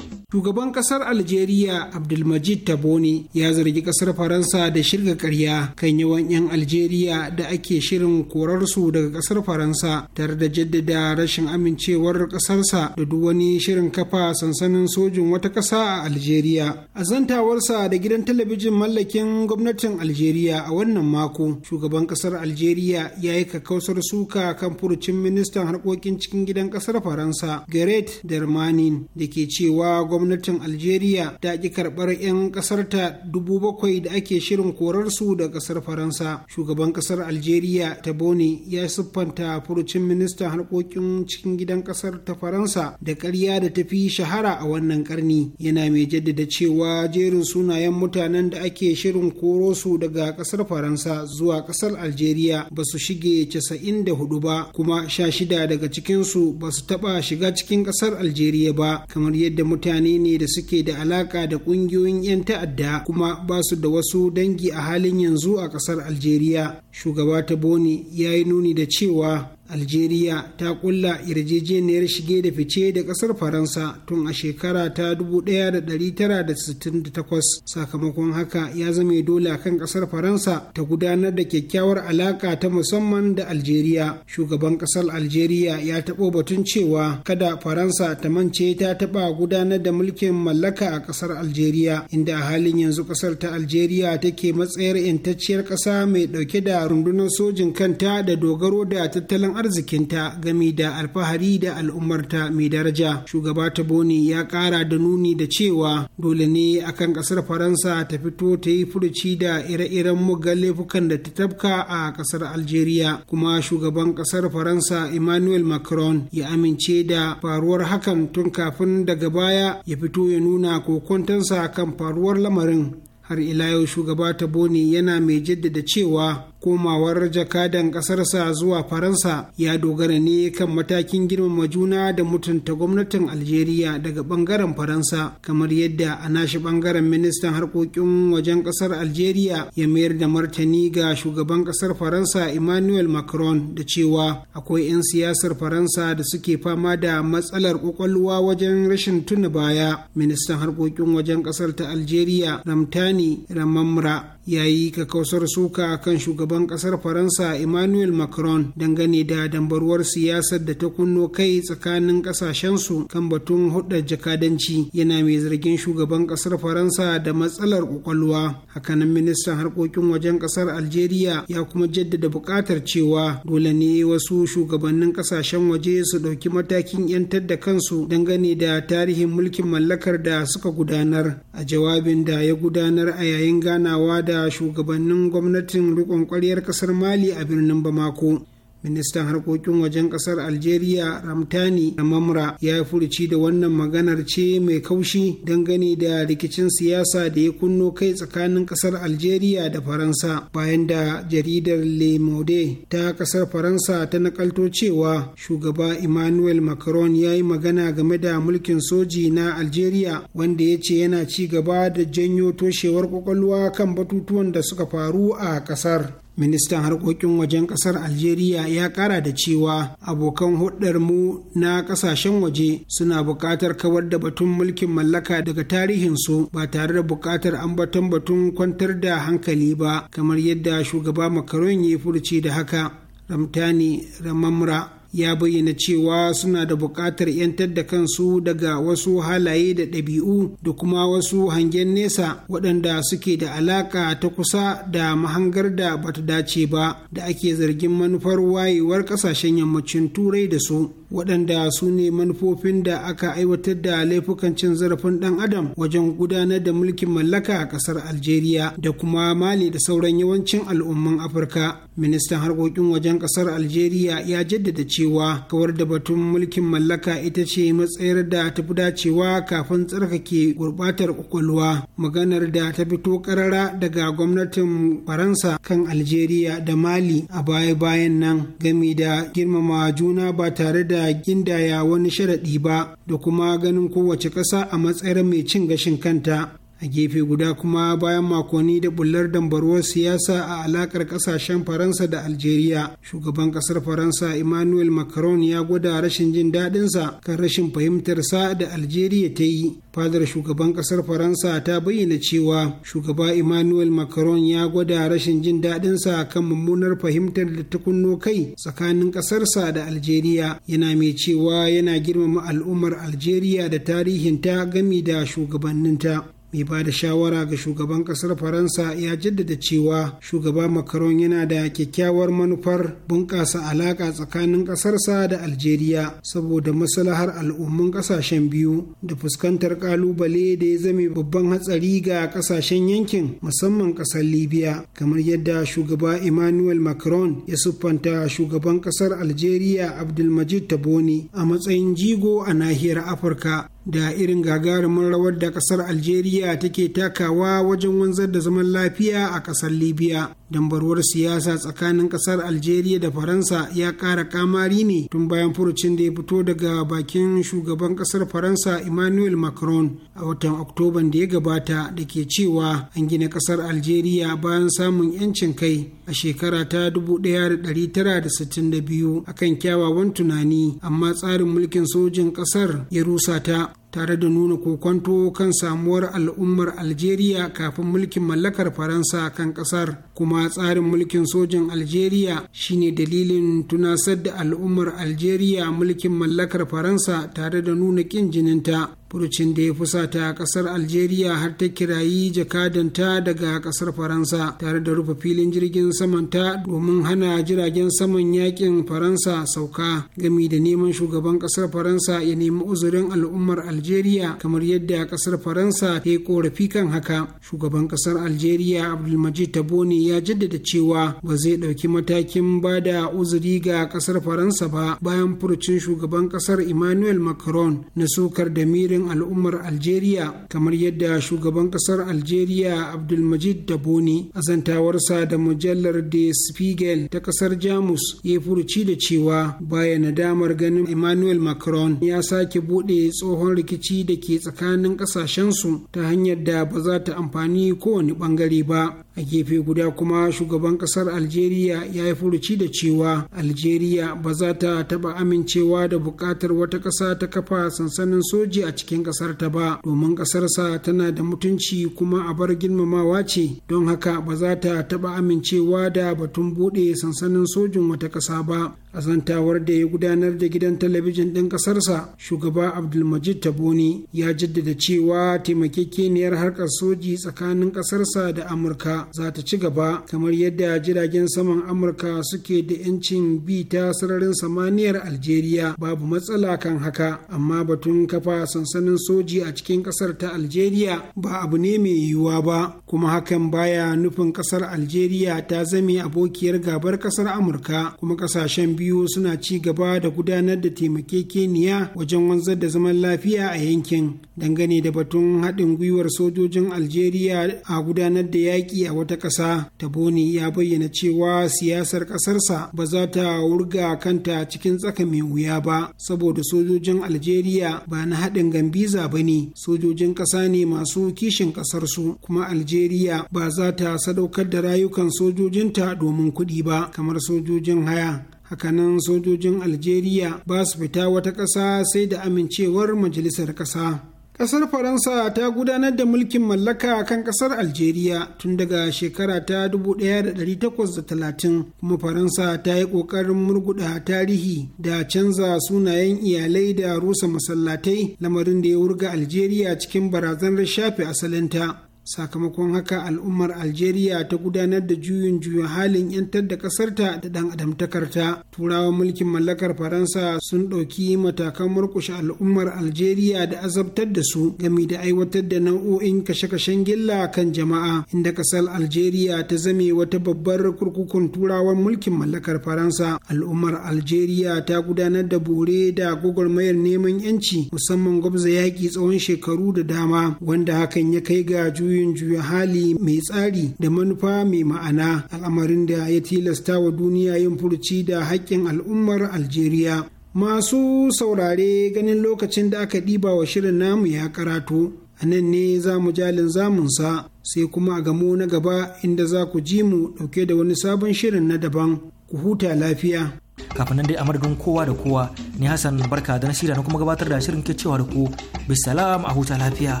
shugaban kasar algeria abdulmajid tabone ya zargi kasar faransa da shirga karya kan yawan 'yan algeria da ake shirin korarsu daga kasar faransa tare da jaddada rashin amincewar kasarsa da duk wani shirin kafa sansanin sojin wata kasa a algeria a zantawarsa da gidan talabijin mallakin gwamnatin algeria a wannan mako shugaban kasar algeria ya yi kakkausar suka kan furucin ministan harkokin cikin gidan kasar faransa gareth dermanin da ke cewa gwamnati gwamnatin algeria ta ki karɓar 'yan ƙasarta dubu bakwai da ake shirin korarsu da ƙasar faransa shugaban ƙasar algeria boni ya siffanta furucin ministan harkokin cikin gidan ƙasar ta faransa da ƙarya da tafi shahara a wannan ƙarni yana mai jaddada cewa jerin sunayen mutanen da ake shirin koro su daga ƙasar faransa zuwa ƙasar algeria ba su shige 94 ba kuma sha shida daga cikinsu ba su taɓa shiga cikin ƙasar algeria ba kamar yadda mutane mutane ne da suke da alaka da kungiyoyin 'yan ta'adda kuma ba su da wasu dangi a halin yanzu a kasar algeria shugaba ta boni ya yi nuni da cewa algeria ta kulla yarjejeniyar shige da fice da kasar faransa tun a shekara ta 1968 sakamakon haka ya zame dole kan kasar faransa ta gudanar da kyakkyawar alaka ta musamman da algeria shugaban kasar algeria ya taɓo batun cewa kada faransa ta mance ta taɓa gudanar da mulkin mallaka a kasar algeria inda a halin yanzu kasar ta algeria take matsayar 'yantacciyar ƙasa mai ɗauke da rundunar sojin kanta da dogaro da tattalin arzikinta gami da alfahari da al'ummarta mai daraja shugaba taboni ya kara da nuni da cewa dole ne akan kasar faransa ta fito ta yi furuci da ire-iren muggan laifukan da ta tabka a kasar algeria kuma shugaban kasar faransa emmanuel macron ya amince da faruwar hakan tun kafin daga baya ya fito ya nuna kokontansa kan faruwar lamarin har ila yau shugaba taboni yana mai jaddada cewa komawar jakadan ƙasarsa zuwa faransa ya dogara ne kan matakin girmama juna da mutunta gwamnatin algeria daga ɓangaren faransa kamar yadda a nashi ɓangaren ministan harkokin wajen ƙasar algeria ya mayar da martani ga shugaban ƙasar faransa emmanuel macron da cewa akwai 'yan siyasar faransa da suke fama da matsalar ƙwaƙwalwa wajen rashin tuna baya ministan harkokin wajen ƙasar ta algeria ramtani ramamra yayi yi kakausar suka kan shugaban kasar faransa emmanuel macron dangane da dambarwar siyasar da ta kunno kai tsakanin kasashensu kan batun hudar jakadanci yana mai zargin shugaban kasar faransa da matsalar kwakwalwa hakanan ministan harkokin wajen kasar algeria ya kuma jaddada buƙatar cewa dole ne wasu shugabannin kasashen waje su ɗauki matakin 'yantar da kansu dangane da tarihin mulkin mallakar da suka gudanar a jawabin da ya gudanar a yayin ganawa da da shugabannin gwamnatin riƙon ƙwaryar ƙasar mali a birnin bamako ministan harkokin wajen kasar algeria ramtani na mamra ya yi furuci da wannan maganar ce mai kaushi dangane da rikicin siyasa da ya kunno kai tsakanin kasar algeria da faransa bayan da jaridar le monde ta kasar faransa ta nakalto cewa shugaba emmanuel macron ya yi magana game da mulkin soji na algeria wanda ya ce yana ci gaba da janyo toshewar kwakwalwa kan batutuwan da suka faru a kasar ministan harkokin wajen kasar algeria ya kara da cewa abokan mu na kasashen waje suna buƙatar kawar da batun mulkin mallaka daga tarihinsu ba tare da buƙatar ambaton batun kwantar da hankali ba kamar yadda shugaba makaron ya furci da haka ramtani ramamra ya bayyana cewa suna da buƙatar 'yantar da kansu daga wasu halaye da ɗabi'u da kuma wasu hangen nesa waɗanda suke da alaƙa ta kusa da mahangar da bata dace ba da ake zargin manufar wayewar ƙasashen yammacin turai da su waɗanda su ne manufofin da aka aiwatar da laifukan cin zarafin ɗan adam wajen gudanar da mulkin mallaka a ƙasar algeria da kuma mali da sauran yawancin al'umman afirka ministan harkokin wajen ƙasar algeria ya jaddada cewa kawar da batun mulkin mallaka ita ce matsayar da ta fi dacewa kafin tsarkake gurbatar kwakwalwa maganar da ta fito karara daga gwamnatin faransa kan algeria da mali a baya-bayan nan game da girmama juna ba tare da da gindaya wani sharaɗi ba da kuma ganin kowace ƙasa a matsayin mai cin gashin kanta a gefe guda kuma bayan makonni da bullar dambarwar siyasa a alakar kasashen faransa da algeria shugaban kasar faransa emmanuel macron ya gwada rashin jin daɗinsa kan rashin fahimtarsa da algeria ta yi fadar shugaban kasar faransa ta bayyana cewa shugaba emmanuel macron ya gwada rashin jin daɗinsa kan mummunar fahimtar da ta kunno kai tsakanin ƙasarsa da algeria yana mai cewa yana girmama al'ummar algeria da tarihinta gami da shugabanninta mai ba da shawara ga shugaban kasar faransa ya jaddada cewa shugaba macron yana da kyakkyawar manufar bunƙasa alaƙa tsakanin ƙasarsa da algeria saboda maslahar al'umman ƙasashen biyu da fuskantar ƙalubale da ya zame babban hatsari ga ƙasashen yankin musamman ƙasar libya kamar yadda shugaba emmanuel macron ya siffanta shugaban ƙasar algeria abdulmajid taboni a matsayin jigo a nahiyar afirka da irin gagarumin rawar da ƙasar algeria take takawa wajen wanzar da zaman lafiya a ƙasar libya dambarwar siyasa tsakanin ƙasar algeria da faransa ya ƙara kamari ne tun bayan furucin da ya fito daga bakin shugaban ƙasar faransa emmanuel macron a watan oktoban da ya gabata da ke cewa an gina ƙasar algeria bayan samun 'yancin kai a shekara ta 1962 akan kyawawan tunani amma tsarin mulkin sojin ƙasar ya rusa ta tare da nuna kokonto kan samuwar al'ummar algeria kafin mulkin mallakar faransa kan kasar kuma tsarin mulkin sojin algeria shine dalilin tunasar da al'ummar algeria mulkin mallakar faransa tare da nuna kin jininta furucin da ya fusata kasar algeria har ta kirayi jakadanta daga kasar faransa tare da rufe filin jirgin samanta domin hana jiragen saman yakin faransa sauka gami da neman shugaban kasar faransa ya nemi uzurin al'ummar algeria algeria kamar yadda kasar faransa ta yi korafi kan haka shugaban kasar algeria abdulmajid tabone ya jaddada cewa ba zai ɗauki matakin ba da uzuri ga kasar faransa ba bayan furucin shugaban kasar emmanuel macron na sukar da mirin al'ummar algeria kamar yadda shugaban kasar algeria abdulmajid tabone a zantawarsa da mujallar de spiegel ta kasar jamus ya furuci da cewa baya nadamar ganin emmanuel macron ya sake buɗe tsohon rikici rikici da ke tsakanin ƙasashensu ta hanyar da ba za ta amfani kowane ɓangare ba a gefe guda kuma shugaban kasar algeria ya yi furuci da cewa algeria ba za ta taba amincewa da bukatar wata kasa ta kafa sansanin soji a cikin kasar ta ba domin kasarsa tana da mutunci kuma a bar girmamawa ce don haka ba za ta taba amincewa da batun bude sansanin sojin wata kasa ba a zantawar da ya gudanar da gidan talabijin ɗin ƙasarsa shugaba abdulmajid taboni ya jaddada cewa taimakekeniyar harkar soji tsakanin ƙasarsa da amurka za ta ci gaba kamar yadda jiragen saman amurka suke da 'yancin bi ta sararin samaniyar algeria babu matsala kan haka amma batun kafa sansanin soji a cikin kasar ta algeria ba abu ne mai yiwuwa ba kuma hakan baya nufin kasar algeria ta zame abokiyar gabar kasar amurka kuma kasashen biyu suna ci gaba da gudanar da taimakekeniya wajen wanzar da zaman lafiya a yankin dangane da batun haɗin gwiwar sojojin algeria a gudanar da yaƙi a a wata ƙasa taboni ya bayyana cewa siyasar ƙasarsa ba za ta wurga kanta cikin tsaka mai wuya ba saboda sojojin algeria ba na haɗin gambiza ba ne sojojin ƙasa ne masu kishin ƙasarsu kuma algeria ba za ta sadaukar da rayukan sojojinta domin kuɗi ba kamar sojojin haya hakanan sojojin algeria ba su fita wata ƙasa sai da amincewar majalisar ƙasa Ƙasar Faransa ta gudanar da mulkin mallaka kan ƙasar Algeria tun daga shekara ta 1830 kuma Faransa ta yi ƙoƙarin murguɗa tarihi da canza sunayen iyalai da rusa masallatai lamarin da ya wurga Algeria cikin barazanar shafe asalinta. sakamakon haka al'ummar algeria ta gudanar da juyin juyin halin yantar da ƙasarta da ɗan adamtakarta turawan mulkin mallakar faransa sun ɗauki matakan murkushe al'ummar algeria da azabtar da su gami da aiwatar da nau'o'in kashe-kashen gilla kan jama'a inda kasar algeria ta zame wata babbar kurkukun turawan mulkin mallakar faransa al'ummar algeria ta gudanar da bore da gwagwarmayar neman yanci musamman gwamza yaƙi tsawon shekaru da dama wanda hakan ya kai ga juyin juyin juya hali mai tsari da manufa mai ma'ana al'amarin da ya tilasta wa duniya yin furuci da haƙƙin al'ummar algeria masu saurare ganin lokacin da aka ɗiba wa shirin namu ya karatu a nan ne za mu jalin zamunsa sai kuma a gamo na gaba inda za ku ji mu ɗauke da wani sabon shirin na daban ku huta lafiya kafin nan dai a madadin kowa da kowa ni hassan barka da na shirya na kuma gabatar da shirin ke cewa da ku bisalam a huta lafiya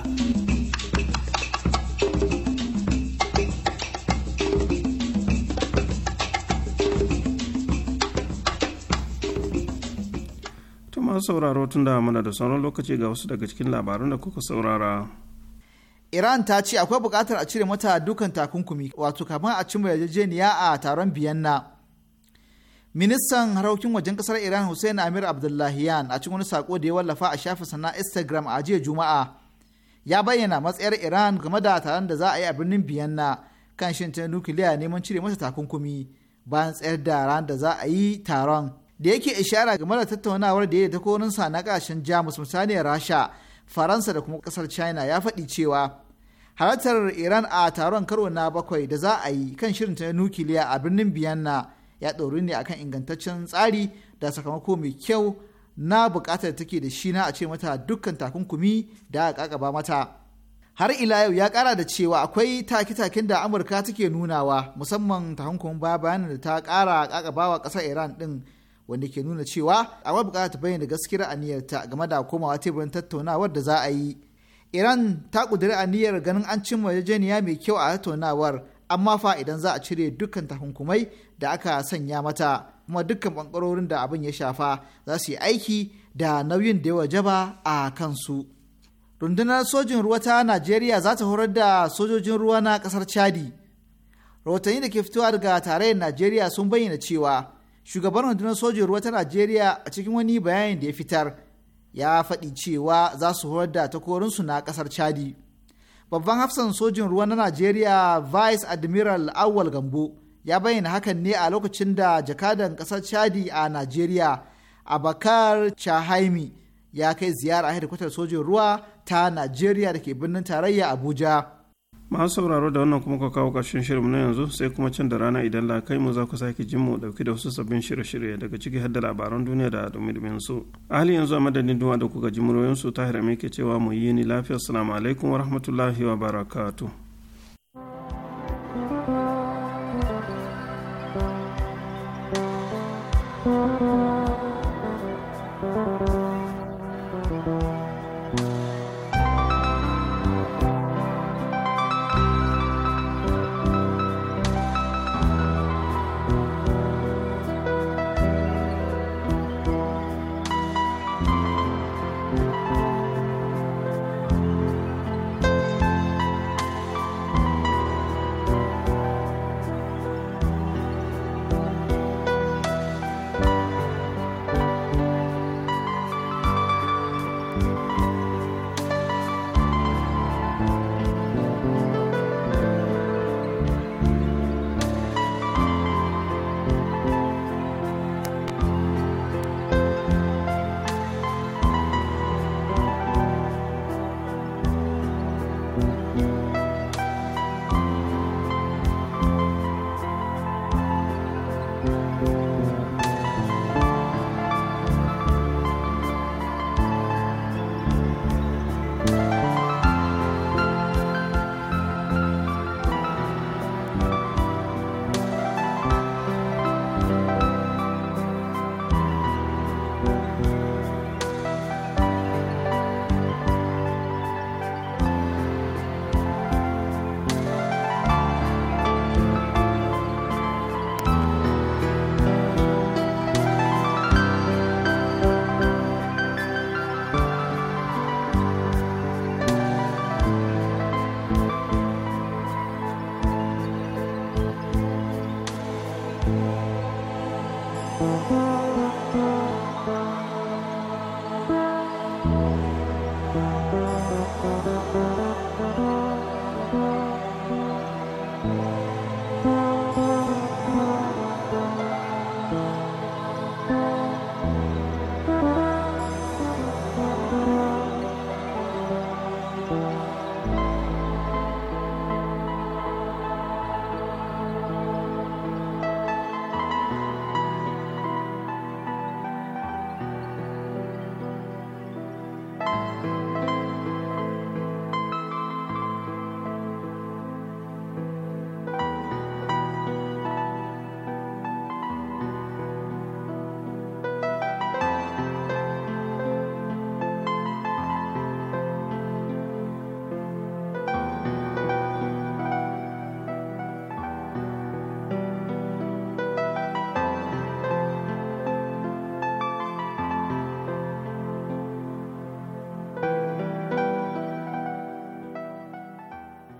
sauraro tun da mana da sauran lokaci ga wasu daga cikin labarun da kuka saurara. Iran ta ce akwai bukatar a cire mata dukan takunkumi wato kafin a cimma yarjejeniya a taron Biyanna. Ministan harkokin wajen kasar Iran Hussein Amir Abdullahiyan a cikin wani sako da ya wallafa a shafinsa na Instagram a jiya Juma'a ya bayyana matsayar Iran game da taron da za a yi a birnin Biyanna kan shin ta nukiliya neman cire mata takunkumi bayan tsayar da ran da za a yi taron. da yake ishara game da tattaunawar da ya ta sa na kashin jamus misali rasha faransa da kuma kasar china ya faɗi cewa halartar iran a taron karo na bakwai da za a yi kan shirin ta nukiliya a birnin biyanna ya ɗori ne akan ingantaccen tsari da sakamako mai kyau na buƙatar take da shi na a ce mata dukkan takunkumi da aka kakaba mata har ila yau ya ƙara da cewa akwai take-taken da amurka take nunawa musamman takunkumin baya bayanin da ta ƙara ƙaƙabawa ƙasar iran ɗin wanda ke nuna cewa akwai bukata ta bayyana gaskiyar aniyarta game da komawa teburin tattaunawar da za a yi iran ta kudiri aniyar ganin an cimma yarjejeniya mai kyau a tattaunawar amma fa idan za a cire dukkan takunkumai da aka sanya mata kuma dukkan bangarorin da abin ya shafa za su yi aiki da nauyin da ya jaba a kansu rundunar sojin ruwa ta najeriya za ta horar da sojojin ruwa na kasar chadi rahotanni da ke fitowa daga tarayyar najeriya sun bayyana cewa shugaban rundunar sojin ruwa ta najeriya a cikin wani bayanin da ya fitar ya faɗi cewa za su horar da takorinsu na ƙasar chadi babban hafsan sojin ruwa na najeriya vice admiral awal gambo ya bayyana hakan ne a lokacin da jakadan ƙasar chadi a najeriya abakar chahaimi ya kai ziyara a hedikwatar sojin ruwa ta najeriya da ke birnin tarayya abuja masu sauraro da wannan kuma ka kawo ƙarshen shirin na yanzu sai kuma can da rana idan la mu za ku sake jin mu dauki da wasu sabbin shirye-shirye daga ciki har da labaran duniya da dumi su a halin yanzu a madadin duwa da kuka ji muryoyin su tahir ke cewa mu yi ni lafiya assalamu alaikum wa rahmatullahi wa barakatu.